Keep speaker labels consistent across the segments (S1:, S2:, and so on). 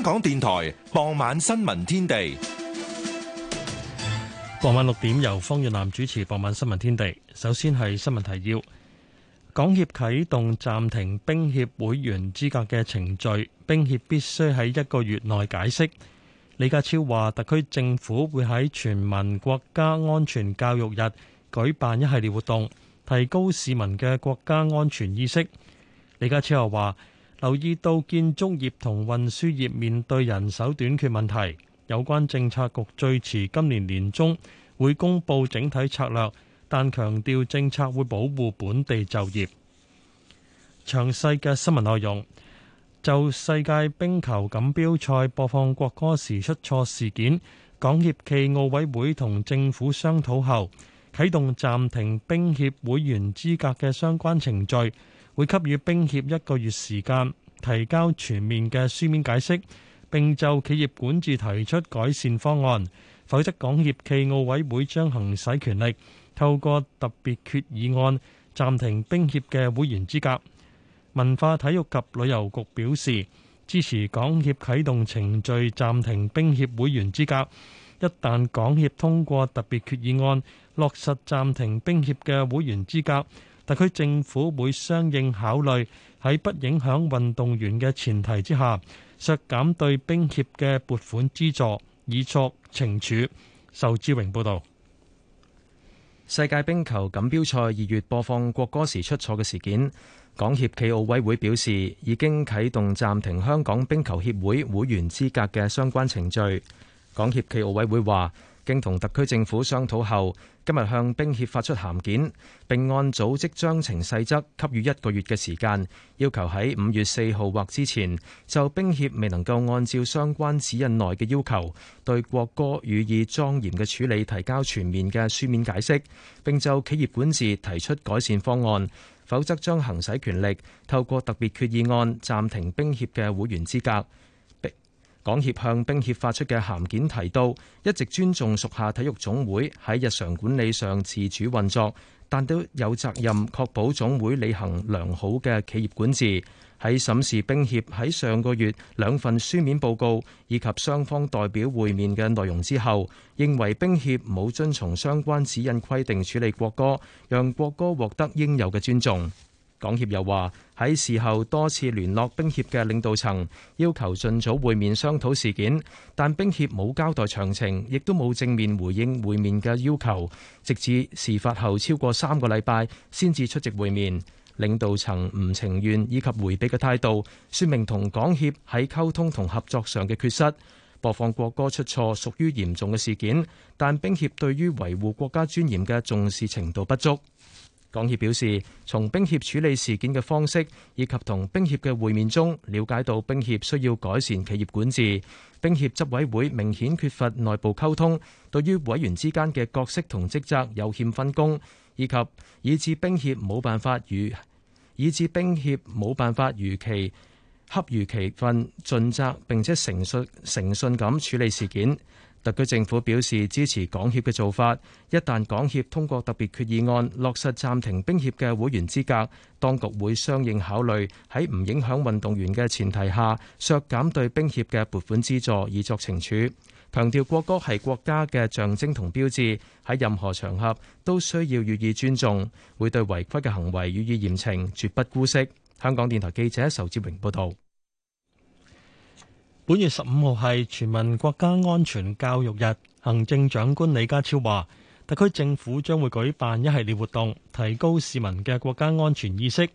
S1: 香港電台傍晚新聞
S2: 天地，傍晚六點由方月南主持。傍晚新聞天地，首先係新聞提要。港協啟動暫停冰協會員資格嘅程序，冰協必須喺一個月內解釋。李家超話，特區政府會喺全民國家安全教育日舉辦一系列活動，提高市民嘅國家安全意識。李家超又話。留意到建築業同運輸業面對人手短缺問題，有關政策局最遲今年年中會公布整體策略，但強調政策會保護本地就業。詳細嘅新聞內容。就世界冰球錦標賽播放國歌時出錯事件，港協暨奧委會同政府商討後，啟動暫停冰協會員資格嘅相關程序。會給予冰協一個月時間提交全面嘅書面解釋，並就企業管治提出改善方案。否則，港協暨奧委會將行使權力，透過特別決議案暫停冰協嘅會員資格。文化體育及旅遊局表示支持港協啟動程序暫停冰協會員資格。一旦港協通過特別決議案，落實暫停冰協嘅會員資格。特區政府會相應考慮喺不影響運動員嘅前提之下，削減對冰協嘅撥款資助，以作懲處。受志榮報道。
S3: 世界冰球錦標賽二月播放國歌時出錯嘅事件，港協企奧委會表示已經啟動暫停香港冰球協會，會會員資格嘅相關程序。港協企奧委會話，經同特區政府商討後。今日向兵協發出函件，並按組織章程細則給予一個月嘅時間，要求喺五月四號或之前就兵協未能夠按照相關指引內嘅要求對國歌予以莊嚴嘅處理提交全面嘅書面解釋，並就企業管治提出改善方案，否則將行使權力透過特別決議案暫停兵協嘅會員資格。港協向冰協發出嘅函件提到，一直尊重屬下體育總會喺日常管理上自主運作，但都有責任確保總會履行良好嘅企業管治。喺審視冰協喺上個月兩份書面報告以及雙方代表會面嘅內容之後，認為冰協冇遵從相關指引規定處理國歌，讓國歌獲得應有嘅尊重。港協又話喺事後多次聯絡冰協嘅領導層，要求盡早會面商討事件，但冰協冇交代詳情，亦都冇正面回應會面嘅要求，直至事發後超過三個禮拜先至出席會面。領導層唔情願以及回避嘅態度，説明同港協喺溝通同合作上嘅缺失。播放國歌出錯屬於嚴重嘅事件，但冰協對於維護國家尊嚴嘅重視程度不足。港協表示，從冰協處理事件嘅方式，以及同冰協嘅會面中，了解到冰協需要改善企業管治。冰協執委會明顯缺乏內部溝通，對於委員之間嘅角色同職責有欠分工，以及以致冰協冇辦法與以致冰協冇辦法如期恰如其分盡責，並且誠信誠信咁處理事件。特區政府表示支持港協嘅做法，一旦港協通過特別決議案，落實暫停冰協嘅會員資格，當局會相應考慮喺唔影響運動員嘅前提下，削減對冰協嘅撥款資助以作懲處。強調國歌係國家嘅象徵同標誌，喺任何場合都需要予以尊重，會對違規嘅行為予以嚴懲，絕不姑息。香港電台記者仇志榮報道。本月十五號係全民國家安
S2: 全教育日，行政長官李家超話，特區政府將會舉辦一系列活動，提高市民嘅國家安全意識。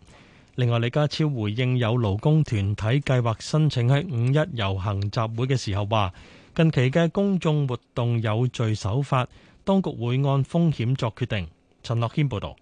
S2: 另外，李家超回應有勞工團體計劃申請喺五一遊行集會嘅時候，話近期嘅
S1: 公眾活動有序守法，當局會按風險作決定。陳樂謙報道。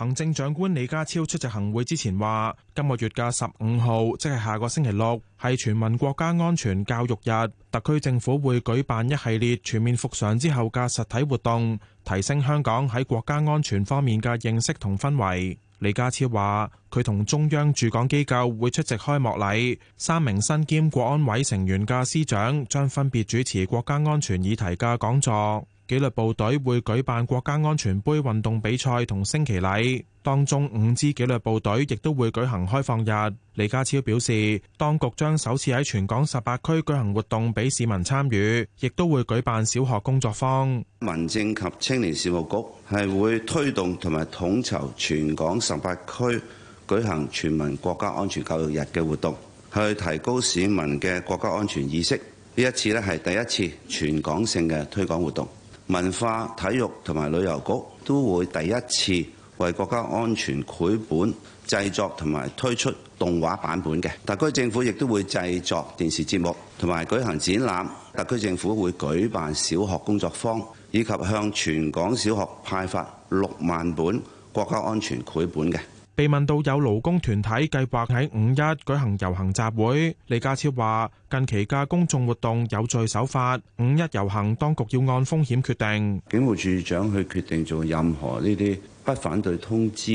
S1: 行政長官李家超出席行會之前話，今個月嘅十五號，即係下個星期六，係全民國家安全教育日，特區政府會舉辦一系列全面復常之後嘅實體活動，提升香港喺國家安全方面嘅認識同氛圍。李家超話，佢同中央駐港機構會出席開幕禮，三名身兼國安委成員嘅司長將分別主持國家安全議題嘅講座。紀律部隊會舉辦國家安全杯運動比賽同升旗禮，當中五支紀律部隊亦都會舉行開放日。李家超表示，當局將首次喺全港十八區舉行活動，俾市民參與，亦都會舉辦小學工作坊。
S4: 民政及青年事務局係會推動同埋統籌全港十八區舉行全民國家安全教育日嘅活動，去提高市民嘅國家安全意識。呢一次咧，係第一次全港性嘅推廣活動。文化、體育同埋旅遊局都會第一次為國家安全繪本製作同埋推出動畫版本嘅，特區政府亦都會製作電視節目同埋舉行展覽，特區政府會舉辦小學工作坊，以及向全港小學派發六萬本國家安全繪本嘅。
S1: 被問到有勞工團體計劃喺五一舉行遊行集會，李家超話：近期嘅公眾活動有序守法，五一遊行當局要按風險決定。
S4: 警務處長去決定做任何呢啲不反對通知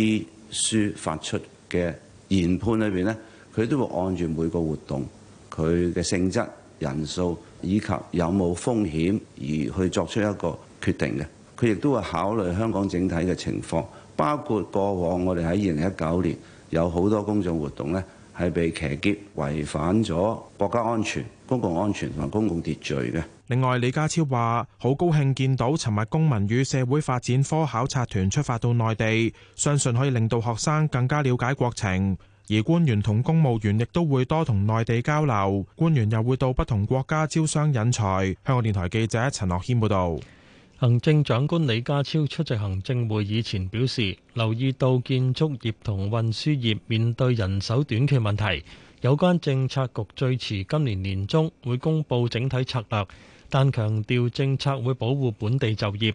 S4: 書發出嘅研判裏邊呢，佢都會按住每個活動、佢嘅性質、人數以及有冇風險而去作出一個決定嘅。佢亦都會考慮香港整體嘅情況。包括過往，我哋喺二零一九年有好多公眾活動呢，係被騎劫、違反咗國家安全、公共安全同埋公共秩序嘅。
S1: 另外，李家超話好高興見到尋日公民與社會發展科考察團出發到內地，相信可以令到學生更加了解國情，而官員同公務員亦都會多同內地交流，官員又會到不同國家招商引才。香港電台記者陳樂謙報道。行政長官李家超出席行政會議前表
S2: 示，留意到建築業同運輸業面對人手短缺問題。有關政策局最遲今年年中會公布整體策略，但強調政策會保護本地就業。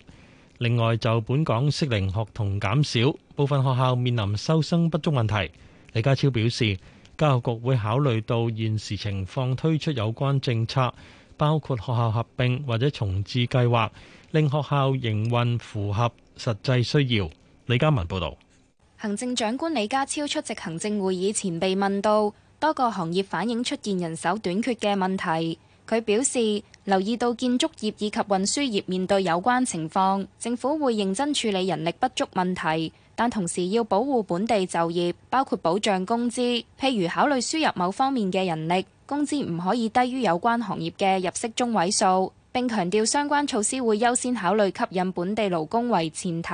S2: 另外，就本港適齡學童減少，部分學校面臨收生不足問題，李家超表示，教育局會考慮到現時情況推出有關政策，包括學校合併或者重置計劃。令學校營運符合實際需要。李家文報導，
S5: 行政長官李家超出席行政會議前被問到，多個行業反映出現人手短缺嘅問題。佢表示留意到建築業以及運輸業面對有關情況，政府會認真處理人力不足問題，但同時要保護本地就業，包括保障工資。譬如考慮輸入某方面嘅人力，工資唔可以低於有關行業嘅入息中位數。並強調相關措施會優先考慮吸引本地勞工為前提，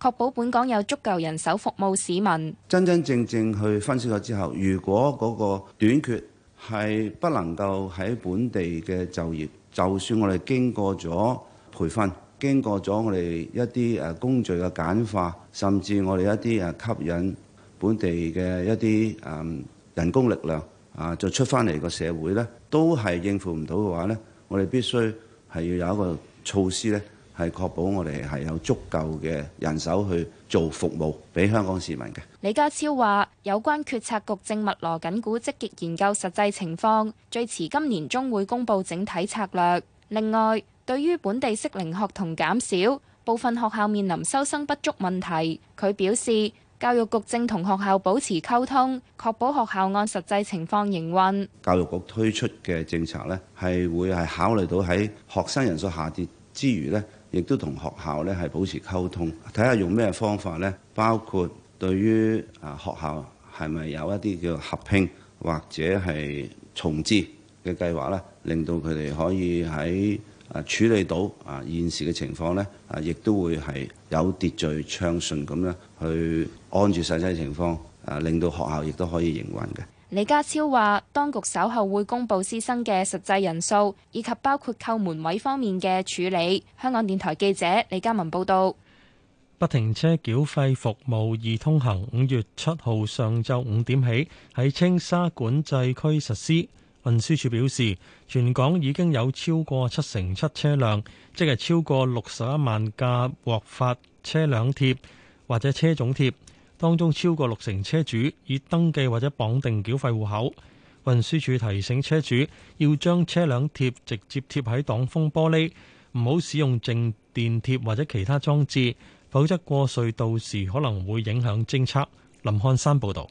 S5: 確保本港有足夠人手服務市民。
S4: 真真正正去分析咗之後，如果嗰個短缺係不能夠喺本地嘅就業，就算我哋經過咗培訓，經過咗我哋一啲誒工序嘅簡化，甚至我哋一啲誒吸引本地嘅一啲誒人工力量啊，就出翻嚟個社會咧，都係應付唔到嘅話咧，我哋必須，係要有一個措施呢，係確保我哋係有足夠嘅人手去做服務俾香港市民嘅。
S5: 李家超話：有關決策局正密鑼緊鼓積極研究實際情況，最遲今年中會公布整體策略。另外，對於本地適齡學童減少，部分學校面臨收生不足問題，佢表示。教育局正同學校保持溝通，確保學校按實際情況營運。
S4: 教育局推出嘅政策咧，係會係考慮到喺學生人數下跌之餘咧，亦都同學校咧係保持溝通，睇下用咩方法咧，包括對於啊學校係咪有一啲叫合併或者係重置嘅計劃啦，令到佢哋可以喺。啊！處理到啊現時嘅情況呢啊亦都會係有秩序暢順咁樣去安住實際情況啊，令到學校亦都可以營運嘅。
S5: 李家超話：當局稍後會公布師生嘅實際人數，以及包括扣門位方面嘅處理。香港電台記者李嘉文報道。
S2: 不停車繳費服務易通行，五月七號上晝五點起喺青沙管制區實施。運輸署表示，全港已經有超過七成七車輛，即係超過六十一萬架獲發車輛貼或者車種貼，當中超過六成車主已登記或者綁定繳費戶口。運輸署提醒車主要將車輛貼直接貼喺擋風玻璃，唔好使用靜電貼或者其他裝置，否則過隧道時可
S6: 能會影響偵測。林漢山報導。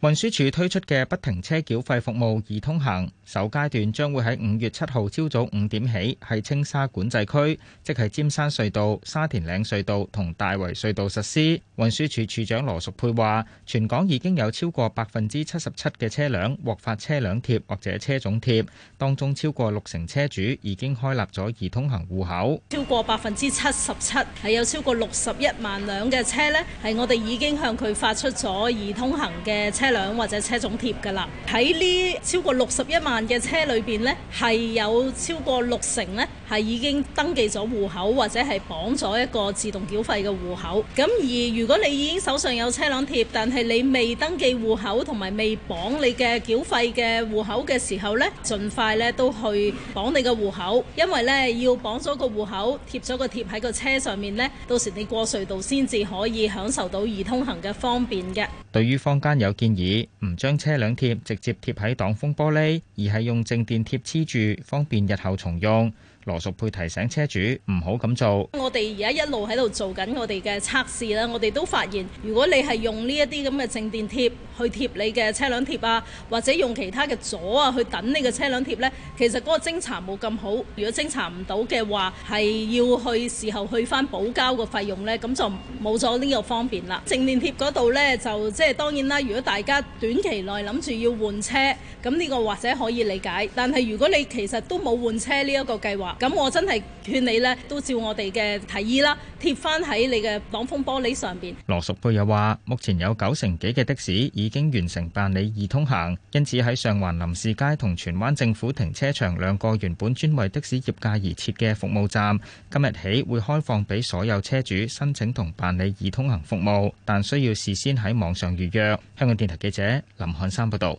S6: 運輸署推出嘅不停車繳費服務易通行，首階段將會喺五月七號朝早五點起，喺青沙管制區，即係尖山隧道、沙田嶺隧道同大圍隧道實施。運輸署署長羅淑佩話，全港已經有超過百分之七十七嘅車輛獲發車輛貼或者車種貼，當中超過六成車主已經開立咗易通行戶口。
S7: 超過百分之七十七係有超過六十一萬輛嘅車呢，係我哋已經向佢發出咗易通行嘅車。車輛或者車種貼噶啦，喺呢超過六十一萬嘅車裏邊呢係有超過六成咧。係已經登記咗戶口，或者係綁咗一個自動繳費嘅戶口。咁而如果你已經手上有車輛貼，但係你未登記戶口同埋未綁你嘅繳費嘅戶口嘅時候呢，盡快呢都去綁你嘅戶口，因為呢，要綁咗個戶口貼咗個貼喺個車上面呢，到時你過隧道先至可以享受到易通行嘅方便嘅。
S6: 對於坊間有建議唔將車輛貼直接貼喺擋風玻璃，而係用靜電貼黐住，方便日後重用。羅淑佩提醒車主唔好咁做。
S7: 我哋而家一路喺度做緊我哋嘅測試啦，我哋都發現，如果你係用呢一啲咁嘅靜電貼去貼你嘅車輛貼啊，或者用其他嘅阻啊去等你嘅車輛貼呢，其實嗰個偵查冇咁好。如果偵查唔到嘅話，係要去事後去翻補交個費用呢，咁就冇咗呢個方便啦。靜電貼嗰度呢，就即係當然啦。如果大家短期內諗住要換車，咁呢個或者可以理解。但係如果你其實都冇換車呢一個計劃，咁我真係勸你呢，都照我哋嘅提議啦，貼翻喺你嘅擋風玻璃上面。羅
S6: 淑佩又話：目前有九成幾嘅的，的士已經完成辦理易通行，因此喺上環林士街同荃灣政府停車場兩個原本專為的士業界而設嘅服務站，今日起會開放俾所有車主申請同辦理易通行服務，但需要事先喺網上預約。香港電台記者林漢山報道。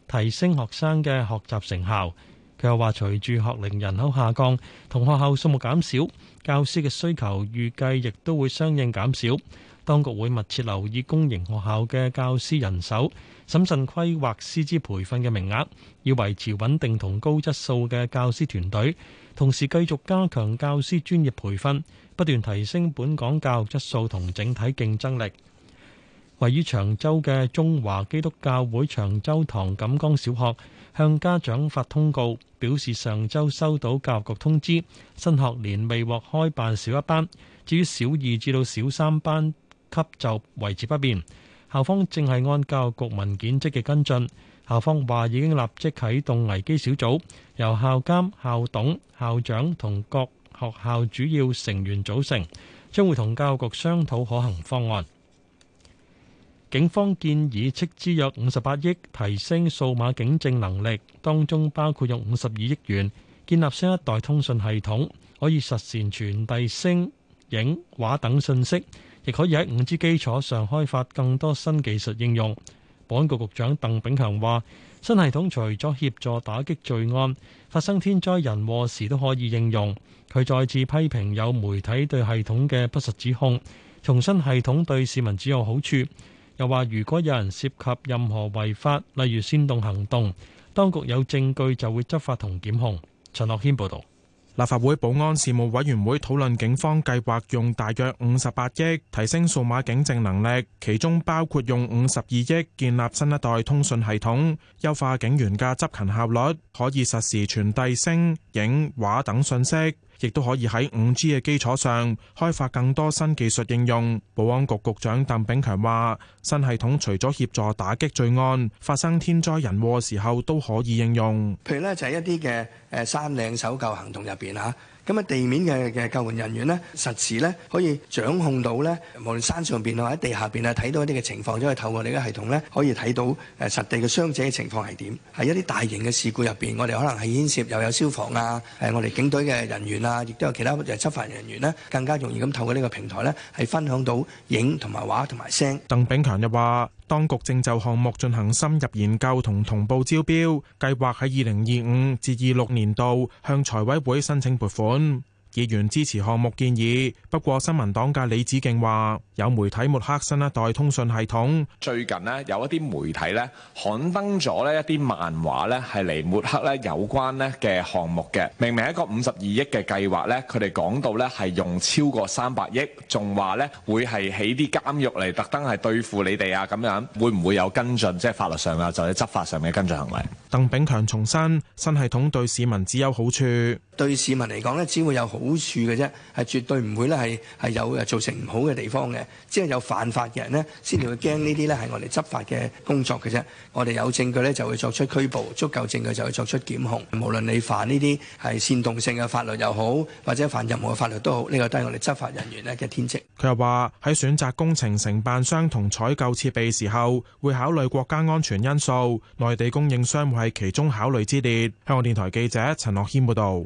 S2: 提升學生嘅學習成效。佢又話：隨住學齡人口下降同學校數目減少，教師嘅需求預計亦都會相應減少。當局會密切留意公營學校嘅教師人手，審慎規劃師資培訓嘅名額，要維持穩定同高質素嘅教師團隊。同時繼續加強教師專業培訓，不斷提升本港教育質素同整體競爭力。位於長洲嘅中華基督教會長洲堂錦江小學向家長發通告，表示上週收到教育局通知，新學年未獲開辦小一班。至於小二至到小三班級就維持不變，校方正係按教育局文件積極跟進。校方話已經立即啟動危機小組，由校監、校董、校長同各學校主要成員組成，將會同教育局商討可行方案。警方建議斥資約五十八億提升數碼警政能力，當中包括用五十二億元建立新一代通訊系統，可以實時傳遞聲、影、畫等信息，亦可以喺五 G 基礎上開發更多新技術應用。保安局局長鄧炳強話：新系統除咗協助打擊罪案，發生天災人禍時都可以應用。佢再次批評有媒體對系統嘅不實指控，重申系統對市民只有好處。又話：如果有人涉及任何違法，例如煽動行動，當局有證據
S1: 就會執法同檢控。陳樂軒報導。立法會保安事務委員會討論警方計劃用大約五十八億提升數碼警政能力，其中包括用五十二億建立新一代通訊系統，優化警員嘅執勤效率，可以實時傳遞聲、影、畫等信息。亦都可以喺五 G 嘅基礎上開發更多新技術應用。保安局局長鄧炳強話：新系統除咗協助打擊罪案，發生天災人禍嘅時候都可以應用。譬如
S3: 咧，就係一啲嘅誒山嶺搜救行動入邊嚇。咁啊，地面嘅嘅救援人員咧，實時咧可以掌控到咧，無論山上邊或者地下邊啊，睇到一啲嘅情況，咁啊，透過你嘅系統咧，可以睇到誒實地嘅傷者嘅情況係點。喺一啲大型嘅事故入邊，我哋可能係牽涉又有消防啊，誒、啊，我哋警隊嘅人員啊，亦都有其他誒執法人員咧，
S1: 更加容易咁透過呢個平台咧，係分享到影同埋畫同埋聲。鄧炳強就話。當局正就項目進行深入研究同同步招標，計劃喺二零二五至二六年度向財委會申請撥款。議員支持項目建議，不過新聞黨嘅李梓敬話：有媒體抹黑新一代通訊系統。
S8: 最近咧有一啲媒體咧刊登咗咧一啲漫畫咧係嚟抹黑咧有關咧嘅項目嘅。明明一個五十二億嘅計劃咧，佢哋講到咧係用超過三百億，仲話咧會係起啲監獄嚟特登係對付你哋啊咁樣。會唔會有跟進？即係法律上啊，就係執法上面嘅跟進行為。
S1: 鄧炳強重申，新系統對市民只有好處，對市民嚟講咧只會有好。好處嘅啫，係絕對
S3: 唔會咧，係係有造成唔好嘅地方嘅。即係有犯法嘅人咧，先至會驚呢啲咧係我哋執法嘅工作嘅啫。我哋有證據咧，就會作出拘捕，足夠證據就會作出檢控。無論你犯呢啲係煽動性嘅法律又好，或者犯任何法律都好，呢個都係
S1: 我哋執法人員咧嘅天職。佢又話：喺選擇工程承辦商同採購設備時候，會考慮國家安全因素，內地供應商會係其中考慮之列。香港電台記者陳樂軒報導。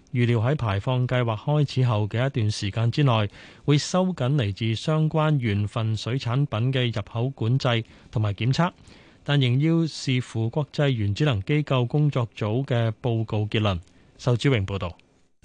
S2: 預料喺排放計劃開始後嘅一段時間之內，會收緊嚟自相關縣份水產品嘅入口管制同埋檢測，但仍
S3: 要視乎國際原子能機構工作組嘅報告結論。仇志榮報道。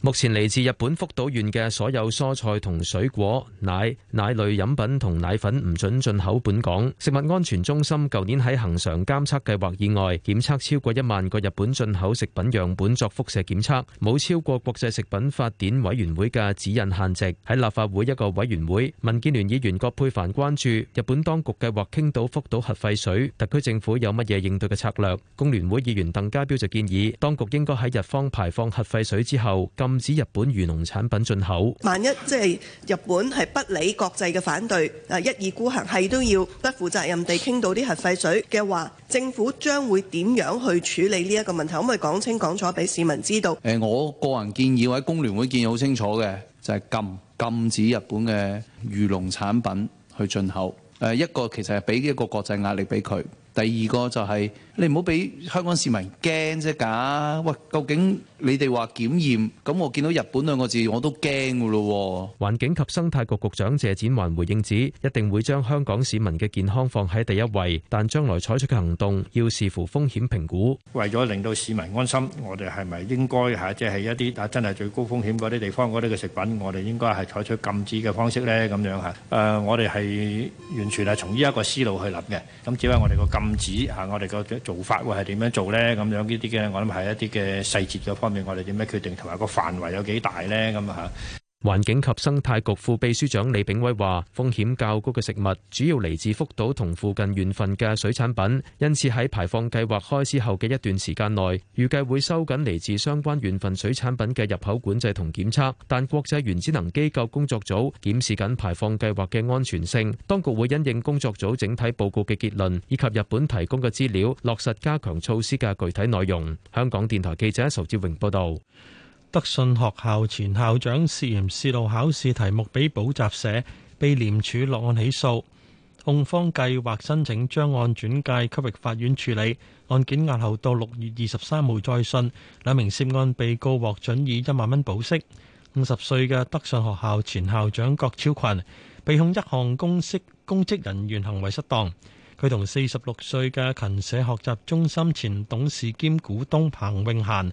S3: 目前嚟自日本福島縣嘅所有蔬菜同水果、奶、奶類飲品同奶粉唔准進口本港。食物安全中心舊年喺恒常監測計劃以外，檢測超過一萬個日本進口食品樣本作輻射檢測，冇超過國際食品法典委員會嘅指引限值。喺立法會一個委員會，民建聯議員葛珮帆關注日本當局計劃傾倒福島核廢水，特區政府有乜嘢應對嘅策略？工聯會議員鄧家彪就建議當局應該喺日方排放核廢水之後。禁止日本漁農產品進口。
S9: 萬一即係日本係不理國際嘅反對，誒，一意孤行係都要不負責任地傾到啲核廢水嘅話，政府將會點樣去處理呢一個問題？可唔可以講清講楚俾市民知道？誒，我
S3: 個人建議，或者工聯會建議好清楚嘅，就係禁禁止日本嘅漁農產品去進口。誒，一個其實係俾一個國際壓力俾佢。第二個就係你唔好俾香港市民驚啫㗎，喂，究竟你哋話檢驗，咁我見到日本兩個字我都驚㗎咯。環境及生態局局長謝展寰回應指，一定會將香港市民嘅健康放喺第一位，但將來採取嘅行動要視乎風險評估。
S10: 為咗令到市民安心，我哋係咪應該係即係一啲啊真係最高風險嗰啲地方嗰啲嘅食品，我哋應該係採取禁止嘅方式呢？咁樣嚇，誒，我哋係完全係從呢一個思路去諗嘅。咁只係我哋個禁。禁止吓，我哋個做法會係點樣做咧？咁樣呢啲嘅，我諗係一啲嘅細節嘅方面，我哋點樣決定，同埋個範圍有幾大咧？咁啊吓。
S3: 環境及生態局副秘書長李炳威話，風險較高嘅食物主要嚟自福島同附近縣份嘅水產品，因此喺排放計劃開始後嘅一段時間內，預計會收緊嚟自相關縣份水產品嘅入口管制同檢測。但國際原子能機構工作組檢視緊排放計劃嘅安全性，當局會因應工作組整體報告嘅結論以及日本提供嘅資料，落實加強措施嘅具體內容。香港電台記者仇志榮報道。德信學校前校長涉嫌洩露考試題目俾補習社，
S2: 被廉署落案起訴。控方計劃申請將案轉介區域法院處理，案件押後到六月二十三號再訊。兩名涉案被告獲准以一萬蚊保釋。五十歲嘅德信學校前校長郭超群，被控一項公職公職人員行為失當。佢同四十六歲嘅勤社學習中心前董事兼股東彭永嫻。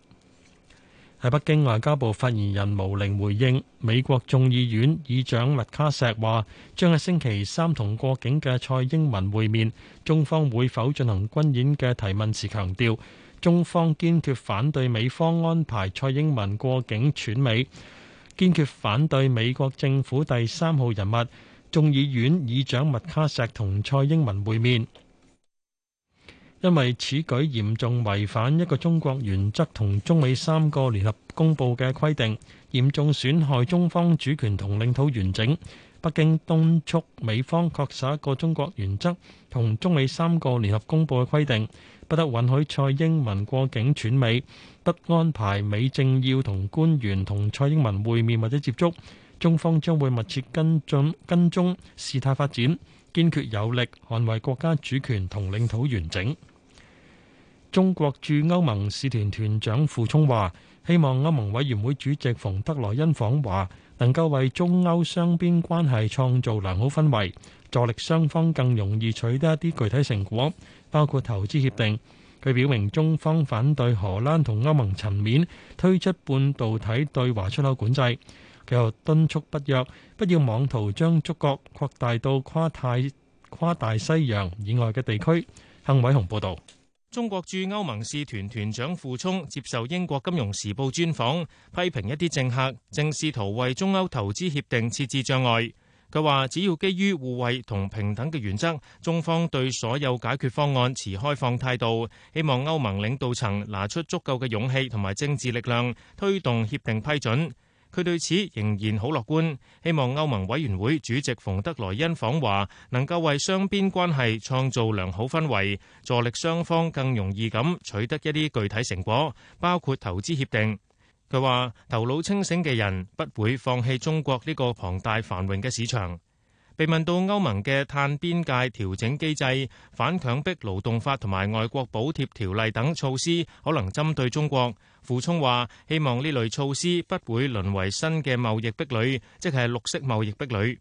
S2: 喺北京外交部發言人毛寧回應美國眾議院議長麥卡錫話，將喺星期三同過境嘅蔡英文會面。中方會否進行軍演嘅提問時強調，中方堅決反對美方安排蔡英文過境竄美，堅決反對美國政府第三號人物眾議院議長麥卡錫同蔡英文會面。因為此舉嚴重違反一個中國原則同中美三個聯合公佈嘅規定，嚴重損害中方主權同領土完整。北京敦促美方恪守一個中國原則同中美三個聯合公佈嘅規定，不得允許蔡英文過境竄美，不安排美政要同官員同蔡英文會面或者接觸。中方將會密切跟進跟蹤事態發展，堅決有力捍衛國家主權同領土完整。中國駐歐盟使團團長傅聰話，希望歐盟委員會主席馮德萊恩訪華，能夠為中歐雙邊關係創造良好氛圍，助力雙方更容易取得一啲具體成果，包括投資協定。佢表明中方反對荷蘭同歐盟層面推出半導體對華出口管制，佢又敦促北約不要妄圖將觸角擴大到跨太跨大西洋以外嘅地區。幸偉雄報道。
S10: 中國駐歐盟使團團長傅聰接受英國金融時報專訪，批評一啲政客正試圖為中歐投資協定設置障礙。佢話：只要基於互惠同平等嘅原則，中方對所有解決方案持開放態度，希望歐盟領導層拿出足夠嘅勇氣同埋政治力量推動協定批准。佢對此仍然好樂觀，希望歐盟委員會主席馮德萊恩訪華能夠為雙邊關係創造良好氛圍，助力雙方更容易咁取得一啲具體成果，包括投資協定。佢話：頭腦清醒嘅人不會放棄中國呢個龐大繁榮嘅市場。被問到歐盟嘅碳邊界調整機制、反強迫勞動法同埋外國補貼條例等措施可能針對中國，傅聰話希望呢類措施不會淪為新嘅貿易壁壘，即係綠色貿易壁壘。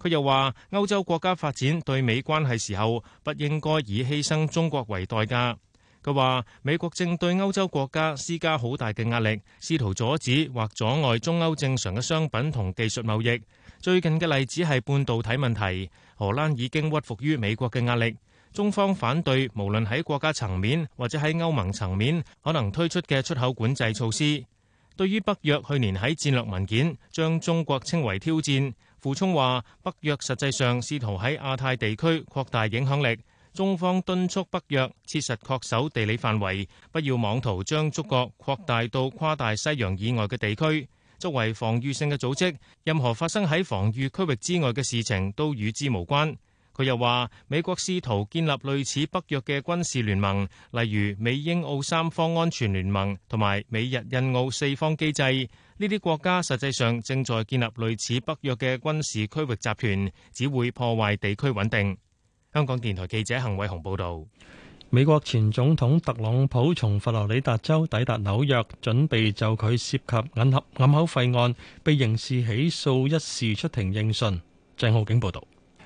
S10: 佢又話歐洲國家發展對美關係時候，不應該以犧牲中國為代價。佢話美國正對歐洲國家施加好大嘅壓力，試圖阻止或阻礙中歐正常嘅商品同技術貿易。最近嘅例子係半導體問題，荷蘭已經屈服於美國嘅壓力。中方反對無論喺國家層面或者喺歐盟層面可能推出嘅出口管制措施。對於北約去年喺戰略文件將中國稱為挑戰，傅聰話北約實際上試圖喺亞太地區擴大影響力。中方敦促北約切實恪守地理範圍，不要妄圖將觸角擴大到跨大西洋以外嘅地區。作為防禦性嘅組織，任何發生喺防禦區域之外嘅事情都與之無關。佢又話：美國試圖建立類似北約嘅軍事聯盟，例如美英澳三方安全聯盟同埋美日印澳四方機制，呢啲國家實際上正在建立類似北約嘅軍事區域集團，只會破壞地區穩定。香港電台記者幸偉雄報導。
S2: 美國前總統特朗普從佛羅里達州抵達
S10: 紐約，準
S2: 備就佢涉及銀盒掩口費案被刑事起訴一事出庭應訊。鄭浩景報道。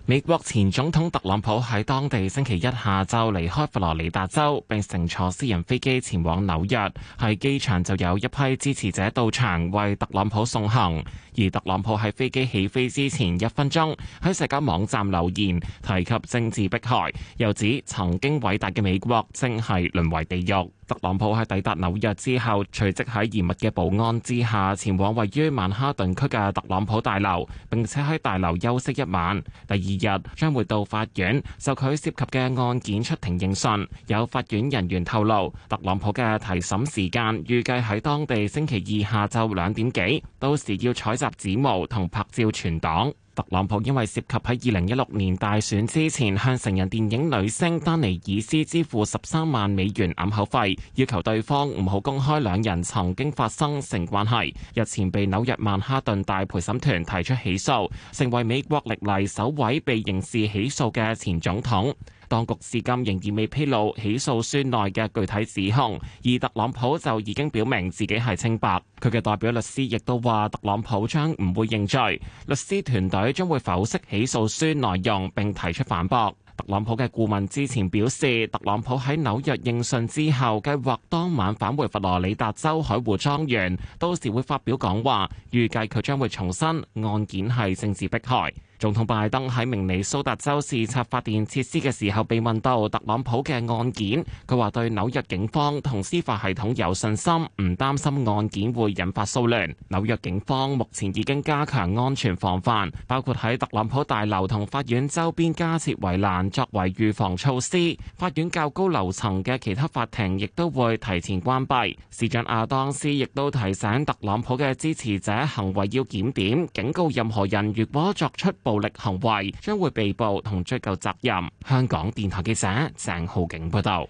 S11: 美國前總統特朗普喺當地星期一下晝離開佛羅里達州，並乘坐私人飛機前往紐約。喺機場就有一批支持者到場為特朗普送行。而特朗普喺飛機起飛之前一分鐘，喺社交網站留言，提及政治迫害，又指曾經偉大嘅美國正係淪為地獄。特朗普喺抵達紐約之後，隨即喺嚴密嘅保安之下前往位於曼哈頓區嘅特朗普大樓，並且喺大樓休息一晚。第二日將會到法院就佢涉及嘅案件出庭應訊。有法院人員透露，特朗普嘅提審時間預計喺當地星期二下晝兩點幾，到時要採集指模同拍照存檔。特朗普因為涉及喺二零一六年大選之前向成人電影女星丹尼爾斯支付十三萬美元掩口費，要求對方唔好公開兩人曾經發生性關係，日前被紐約曼哈頓大陪審團提出起訴，成為美國歷嚟首位被刑事起訴嘅前總統。當局至今仍然未披露起訴書內嘅具體指控，而特朗普就已經表明自己係清白。佢嘅代表律師亦都話，特朗普將唔會認罪，律師團隊將會否釋起訴書內容並提出反駁。特朗普嘅顧問之前表示，特朗普喺紐約應訊之後，計劃當晚返回佛羅里達州海湖莊園，到時會發表講話，預計佢將會重申案件係政治迫害。總統拜登喺明尼蘇達州視察發電設施嘅時候被問到特朗普嘅案件，佢話對紐約警方同司法系統有信心，唔擔心案件會引發騷亂。紐約警方目前已經加強安全防範，包括喺特朗普大樓同法院周邊加設圍欄作為預防措施。法院較高樓層嘅其他法庭亦都會提前關閉。市長亞當斯亦都提醒特朗普嘅支持者行為要檢點，警告任何人如果作出暴力行為將會被捕同追究責任。香港電台記者鄭浩景報道。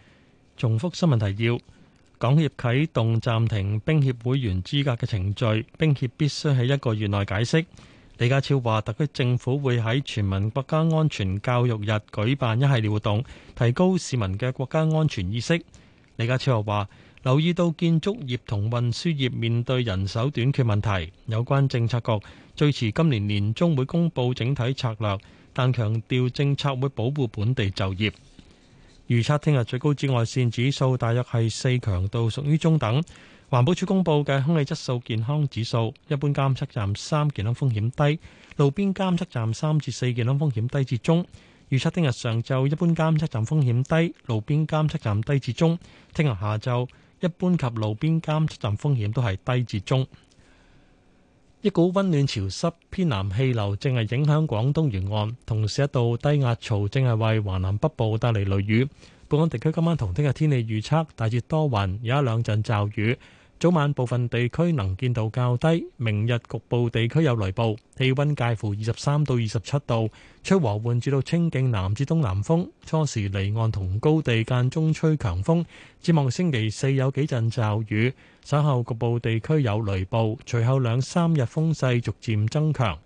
S11: 重複新聞提要：港協啟動暫停冰
S2: 協會員資格嘅程序，冰協必須喺一個月內解釋。李家超話，特區政府會喺全民國家安全教育日舉辦一系列活動，提高市民嘅國家安全意識。李家超又話，留意到建築業同運輸業面對人手短缺問題，有關政策局。最遲今年年中會公布整體策略，但強調政策會保護本地就業。預測聽日最高紫外線指數大約係四，強度屬於中等。環保署公布嘅空氣質素健康指數，一般監測站三，健康風險低，路邊監測站三至四，健康風險低至中。預測聽日上晝一般監測站風險低，路邊監測站低至中。聽日下晝一般及路邊監測站風險都係低至中。一股溫暖潮濕偏南氣流正係影響廣東沿岸，同時一道低壓槽正係為華南北部帶嚟雷雨。本港地區今晚同聽日天氣預測大致多雲，有一兩陣驟雨。早晚部分地區能見度較低，明日局部地區有雷暴，氣溫介乎二十三到二十七度，吹和緩至到清勁南至東南風，初時離岸同高地間中吹強風，展望星期四有幾陣驟雨，稍後局部地區有雷暴，隨後兩三日風勢逐漸增強，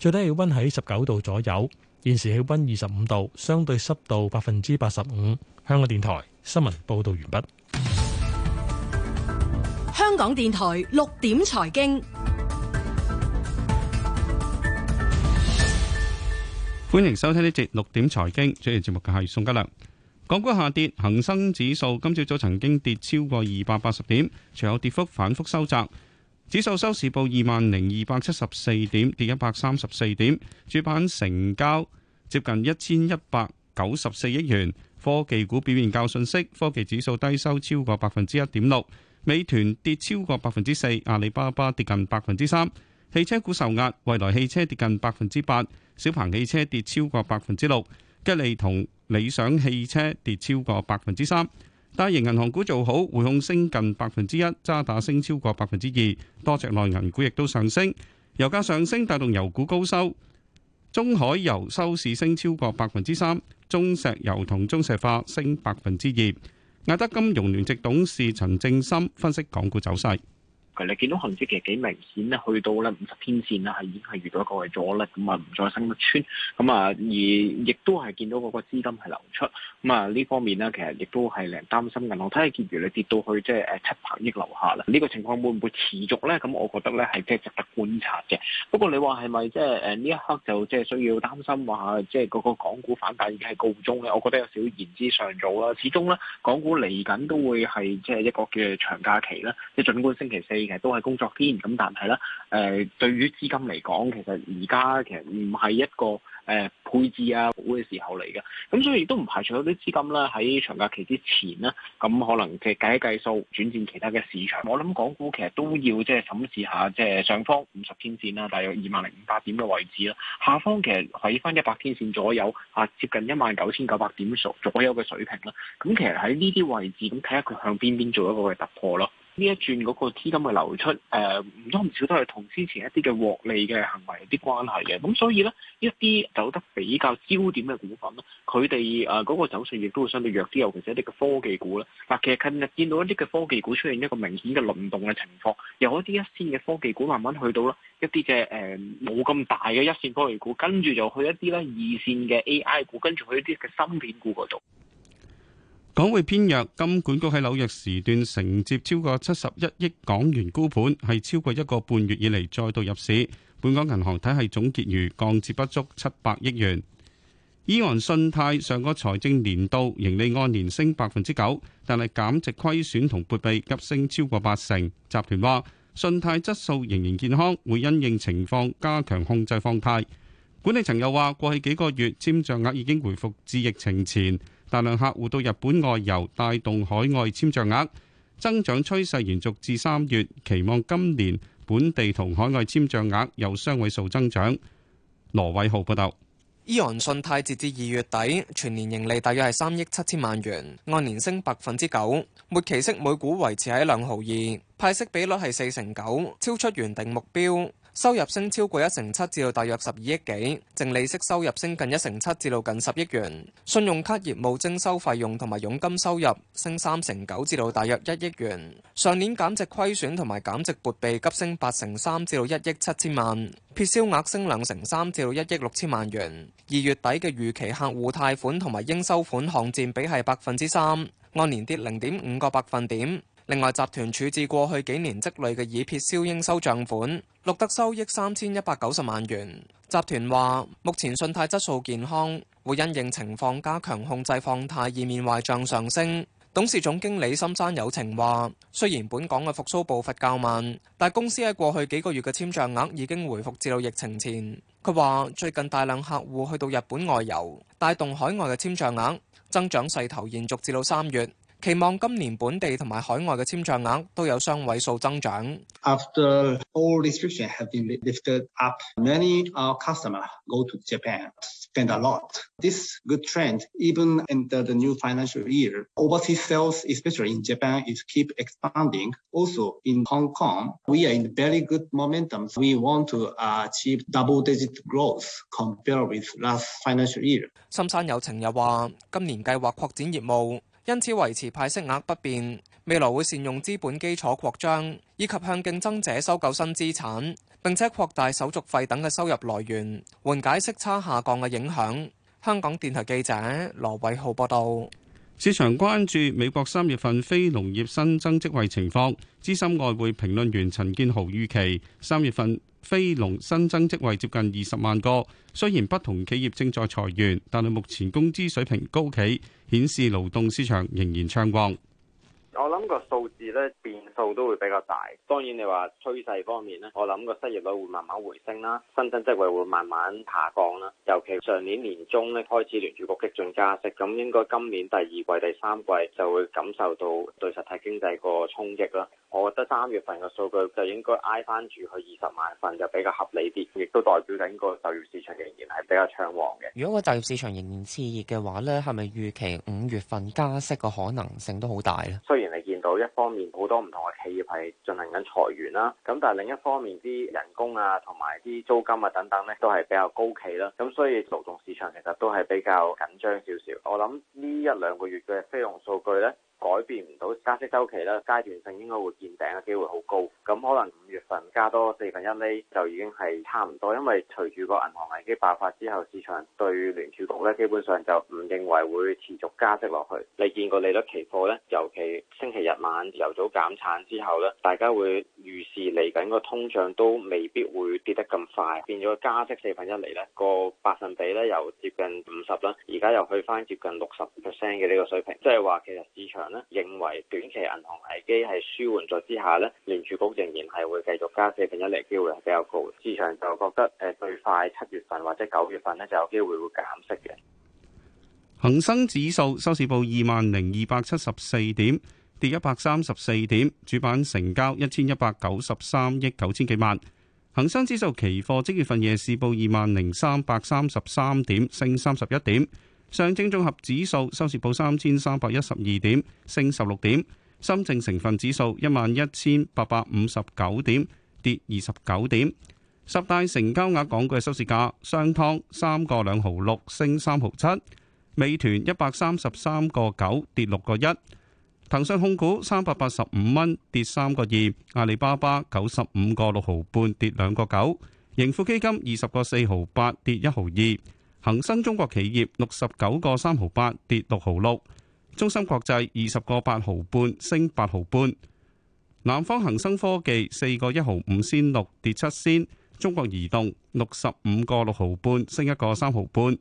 S2: 最低氣溫喺十九度左右。現時氣溫二十五度，相對濕度百分之八十五。香港電台新聞報道完畢。
S12: 港電台六點財經，
S13: 歡迎收聽呢節六點財經。主持節目嘅係宋家良。港股下跌，恒生指數今朝早曾經跌超過二百八十點，隨後跌幅反復收窄。指數收市報二萬零二百七十四點，跌一百三十四點。主板成交接近一千一百九十四億元。科技股表現較遜色，科技指數低收超過百分之一點六。美團跌超過百分之四，阿里巴巴跌近百分之三。汽車股受壓，蔚來汽車跌近百分之八，小鵬汽車跌超過百分之六，吉利同理想汽車跌超過百分之三。大型銀行股做好，匯控升近百分之一，渣打升超過百分之二。多隻內銀股亦都上升，油價上升帶動油股高收，中海油收市升超過百分之三，中石油同中石化升百分之二。亞德金融聯席董事陳正深分析港股走勢。
S14: 你見到行市其實幾明顯咧，去到咧五十天線啦，係已經係遇到一個嘅阻力，咁啊唔再升得穿，咁啊而亦都係見到嗰個資金係流出，咁啊呢方面咧其實亦都係令人擔心銀。銀行睇下結餘咧跌到去即係誒七百億樓下啦，呢、這個情況會唔會持續咧？咁我覺得咧係即係值得觀察嘅。不過你話係咪即係誒呢一刻就即係需要擔心話即係嗰個港股反彈已經係告終咧？我覺得有少少言之尚早啦。始終咧港股嚟緊都會係即係一個嘅長假期啦，即係儘管星期四。其實都係工作天，咁但係咧，誒、呃，對於資金嚟講，其實而家其實唔係一個誒、呃、配置啊股嘅時候嚟嘅，咁所以亦都唔排除有啲資金咧喺長假期之前啦，咁可能即係計一計數，轉戰其他嘅市場。我諗港股其實都要即係審視下，即係上方五十天線啦，大約二萬零五百點嘅位置啦，下方其實喺翻一百天線左右啊，接近一萬九千九百點左右嘅水平啦，咁其實喺呢啲位置，咁睇下佢向邊邊做一個嘅突破咯。呢一轉嗰個資金嘅流出，誒、呃、唔多唔少都係同之前一啲嘅獲利嘅行為有啲關係嘅，咁所以呢，一啲走得比較焦點嘅股份咧，佢哋誒嗰個走勢亦都會相對弱啲，尤其是一啲嘅科技股咧。嗱、呃，其實近日見到一啲嘅科技股出現一個明顯嘅輪動嘅情況，由一啲一線嘅科技股慢慢去到啦一啲嘅誒冇咁大嘅一線科技股，跟住就去一啲呢二線嘅 AI 股，跟住去一啲嘅芯片股嗰度。
S13: 港匯偏弱，金管局喺紐約時段承接超過七十一億港元沽盤，係超過一個半月以嚟，再度入市。本港銀行體系總結餘降至不足七百億元。AEON 信貸上個財政年度盈利按年升百分之九，但係減值虧損同撥備急升超過八成。集團話信貸質素仍然健康，會因應情況加強控制放貸。管理層又話過去幾個月簽賬額已經回復至疫情前。大量客戶到日本外遊，帶動海外簽賬額增長趨勢延續至三月，期望今年本地同海外簽賬額有雙位數增長。羅偉浩報道，
S12: 伊安信貸，截至二月底全年盈利大約係三億七千萬元，按年升百分之九，末期息每股維持喺兩毫二，派息比率係四成九，超出原定目標。收入升超過一成七，至到大約十二億幾；淨利息收入升近一成七，至到近十億元；信用卡業務徵收費用同埋佣金收入升三成九，至到大約一億元。上年減值虧損同埋減值撥備急升八成三，至到一億七千萬；撇銷額升兩成三，至到一億六千萬元。二月底嘅預期客戶貸款同埋應收款項佔比係百分之三，按年跌零點五個百分點。另外，集團處置過去幾年積累嘅已撇銷應收帳款，錄得收益三千一百九十萬元。集團話，目前信貸質素健康，會因應情況加強控制放貸，以免壞賬上升。董事總經理深山有情話，雖然本港嘅復甦步伐較慢，但公司喺過去幾個月嘅簽帳額已經回復至到疫情前。佢話，最近大量客戶去到日本外遊，帶動海外嘅簽帳額增長勢頭，延續至到三月。期望今年本地同埋海外嘅簽賬額都有雙位
S14: 數增長。
S12: 深山有情又話，今年計劃擴展業務。因此維持派息額不變，未來會善用資本基礎擴張，以及向競爭者收購新資產，並且擴大手續費等嘅收入來源，緩解息差下降嘅影響。香港電台記者羅偉浩報道。
S13: 市場關注美國三月份非農業新增職位情況。資深外匯評論員陳建豪預期，三月份非農新增職位接近二十萬個。雖然不同企業正在裁員，但係目前工資水平高企，顯示勞動市場仍然暢旺。
S8: 我諗個數字咧，變數都會比較大，當然你話趨勢方面咧，我諗個失業率會慢慢回升啦，新增職位會慢慢下降啦。尤其上年年中咧開始聯儲局激進加息，咁應該今年第二季、第三季就會感受到對實體經濟個衝擊啦。我覺得三月份個數據就應該挨翻住去二十萬份就比較合理啲，亦都代表緊個就業市場仍然係比較暢旺嘅。
S12: 如果個就業市場仍然熾熱嘅話咧，係咪預期五月份加息個可能性都好大咧？
S8: 雖然你見到一方面好多唔同嘅企業係進行緊裁員啦，咁但係另一方面啲人工啊，同埋啲租金啊等等咧，都係比較高企啦，咁所以勞動市場其實都係比較緊張少少。我諗呢一兩個月嘅非農數據咧，改變唔到加息周期啦，階段性應該會見頂嘅機會好高。咁可能五月份加多四分一厘就已經係差唔多，因為隨住個銀行危機爆發之後，市場對聯儲局咧基本上就唔認為會持續加息落去。你見過利率期貨咧，尤其星期日晚由早減產之後咧，大家會預示嚟緊個通脹都未必會跌得咁快，變咗加息四分一厘咧個百分比咧又接近五十啦，而家又去返接近六十 percent 嘅呢個水平，即係話其實市場。咧認為短期銀行危機係舒緩咗之下咧，聯儲局仍然係會繼續加四分一釐，機會係比較高。市場就覺得誒最快七月份或者九月份咧就有機會會減息嘅。
S13: 恆生指數收市報二萬零二百七十四點，跌一百三十四點，主板成交一千一百九十三億九千幾萬。恒生指數期貨即月份夜市報二萬零三百三十三點，升三十一點。上證綜合指數收市報三千三百一十二點，升十六點。深證成分指數一萬一千八百五十九點，跌二十九點。十大成交額港股嘅收市價，商湯三個兩毫六，升三毫七。美團一百三十三個九，跌六個一。騰訊控股三百八十五蚊，跌三個二。阿里巴巴九十五個六毫半，跌兩個九。盈富基金二十個四毫八，跌一毫二。恒生中國企業六十九個三毫八，跌六毫六，中芯國際二十個八毫半，升八毫半，南方恒生科技四個一毫五先六，跌七仙，中國移動六十五個六毫半，升一個三毫半，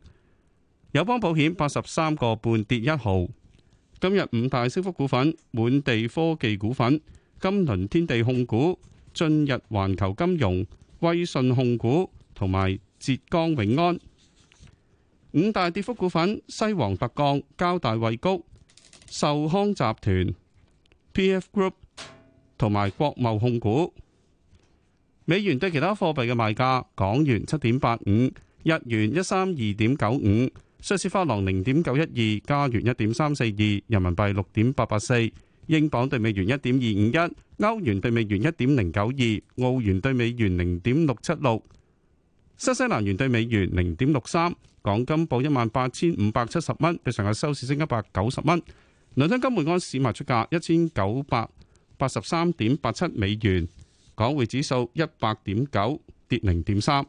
S13: 友邦保險八十三個半，跌一毫。今日五大升幅股份：滿地科技股份、金輪天地控股、晉日環球金融、威信控股同埋浙江永安。五大跌幅股份：西王、特鋼、交大、惠谷、壽康集團、P.F. Group 同埋國貿控股。美元對其他貨幣嘅賣價：港元七點八五，日元一三二點九五，瑞士法郎零點九一二，加元一點三四二，人民幣六點八八四，英鎊對美元一點二五一，歐元對美元一點零九二，澳元對美元零點六七六，新西蘭元對美元零點六三。港金報一萬八千五百七十蚊，比上日收市升一百九十蚊。倫敦金每盎司賣出價一千九百八十三點八七美元，港匯指數一百點九跌零點三。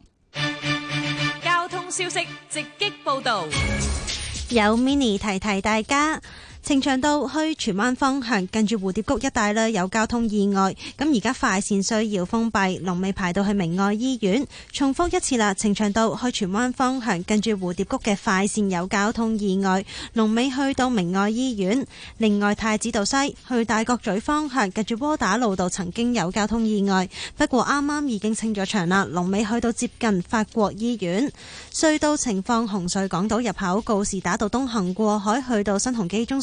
S9: 交
S5: 通消息直擊報道，
S9: 有 mini 提提大家。程長道去荃灣方向，近住蝴蝶谷一帶呢，有交通意外，咁而家快綫需要封閉，龍尾排到去明愛醫院。重複一次啦，程長道去荃灣方向，近住蝴蝶谷嘅快綫有交通意外，龍尾去到明愛醫院。另外太子道西去大角咀方向，近住窩打路道曾經有交通意外，不過啱啱已經清咗場啦，龍尾去到接近法國醫院隧道情況，洪水港島入口告士打道東行過海去到新鴻基中，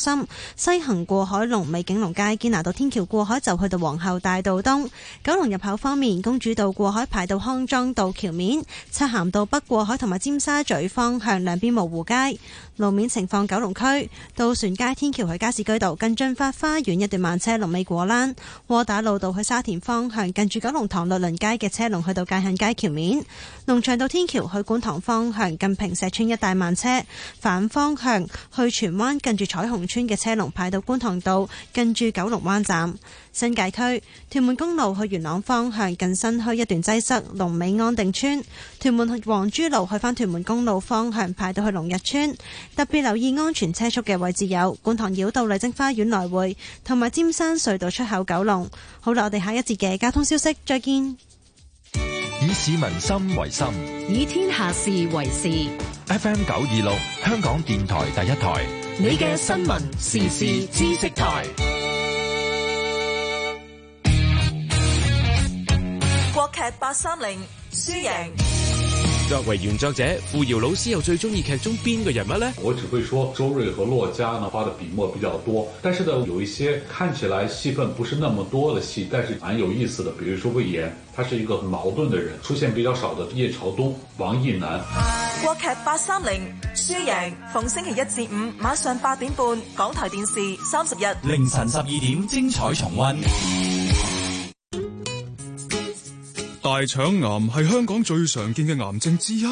S9: 西行過海龍尾景龍街，堅拿道天橋過海就去到皇后大道東。九龍入口方面，公主道過海排到康莊道橋面，漆咸道北過海同埋尖沙咀方向兩邊蕪湖街。路面情況：九龍區渡船街天橋去加士居道近駿發花園一段慢車；龍尾果欄，窩打老道去沙田方向近住九龍塘律倫街嘅車龍去到界限街橋面；農場道天橋去觀塘方向近平石村一帶慢車；反方向去荃灣近住彩虹村嘅車龍排到觀塘道近住九龍灣站。新界區屯門公路去元朗方向近新墟一段擠塞，龍尾安定村；屯門黃珠路去返屯門公路方向排到去龍日村。特別留意安全車速嘅位置有觀塘繞道麗晶花園來回，同埋尖山隧道出口九龍。好啦，我哋下一節嘅交通消息再見。
S2: 以市民心為心，
S9: 以天下事為
S12: 事。
S3: FM 九二六，香港電台第一台，
S12: 你嘅新聞時
S11: 事知識台。
S7: 國劇八三零輸贏。
S11: 作為原作者
S3: 傅
S13: 瑤老師又最中意劇中邊個人物咧？我只會說周瑞和駱家呢花的筆墨比較多，但是呢，有一些看起來戲份不是那麼多的戲，但是蠻有意思的。比如
S2: 說魏延，他是一個矛盾的人，出現比較少的葉朝東、王毅南。
S7: 國劇八三零輸贏，逢星期一至五晚上八點半，港台電視三十日凌晨十二點，精彩重
S13: 温。
S12: 大腸癌係香港最常見嘅癌症之一，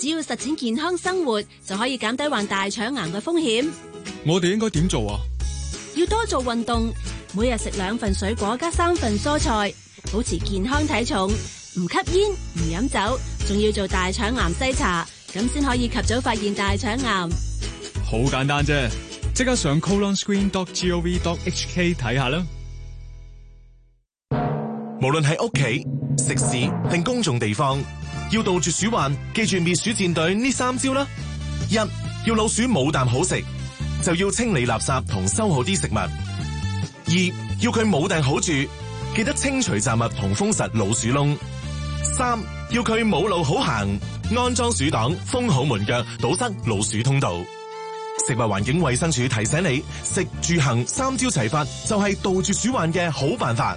S7: 只要實踐健康生活就可以減低患大腸癌嘅風險。
S12: 我哋應該點做啊？
S7: 要多做運動，每日食兩份水果加三份蔬菜，保持健康體重，唔吸煙唔飲酒，仲要做大腸癌篩查，咁先可以及早發現大腸癌。
S3: 好簡單啫，啊，即刻上
S1: colonscreen.gov.hk 睇下啦。無論喺屋企、食肆定公眾地方，要杜絕鼠患，記住滅鼠戰隊呢三招啦：一要老鼠冇啖好食，就要清理垃圾同收好啲食物；二要佢冇定好住，記得清除雜物同封實老鼠窿；三要佢冇路好行，安裝鼠擋，封好門腳，堵塞老鼠通道。食物環境衛生署提醒你：食住行三招齊發，就係杜絕鼠患嘅好辦法。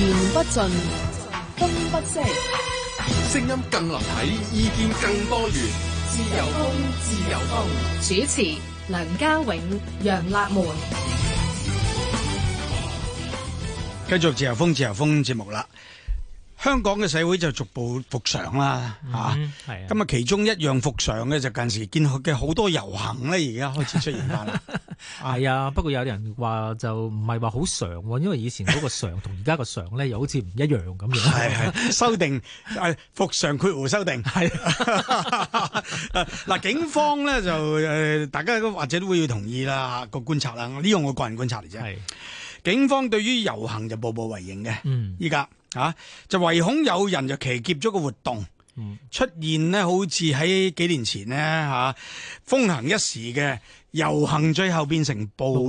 S3: 言不盡，
S7: 風不息，
S12: 聲音更立體，意見更多元。自由風，自由風。
S7: 主持：梁家永、楊立梅。
S3: 繼續自由風，自由風節目啦。香港嘅社會就逐步復常啦，吓、嗯。咁啊，的其中一
S2: 樣復常咧，就近時見佢嘅好多遊行咧，而家開始出現返啦。 係啊，
S6: 不過有人話就唔係話好常，因為以前嗰個常同而家個常咧又好似唔一樣咁樣。係係 修訂誒，復常括弧修訂係。
S2: 嗱是的， 警方咧就誒，大家或者都會同意啦，吓、這個觀察啦。呢個我個人觀察嚟啫。係的警方對於遊行就步步為營嘅。嗯，依家吓就唯恐有人就騎劫咗個活動，嗯、出現呢，好似喺
S6: 幾年前呢，吓、啊、風行一時嘅。遊行最後變成暴。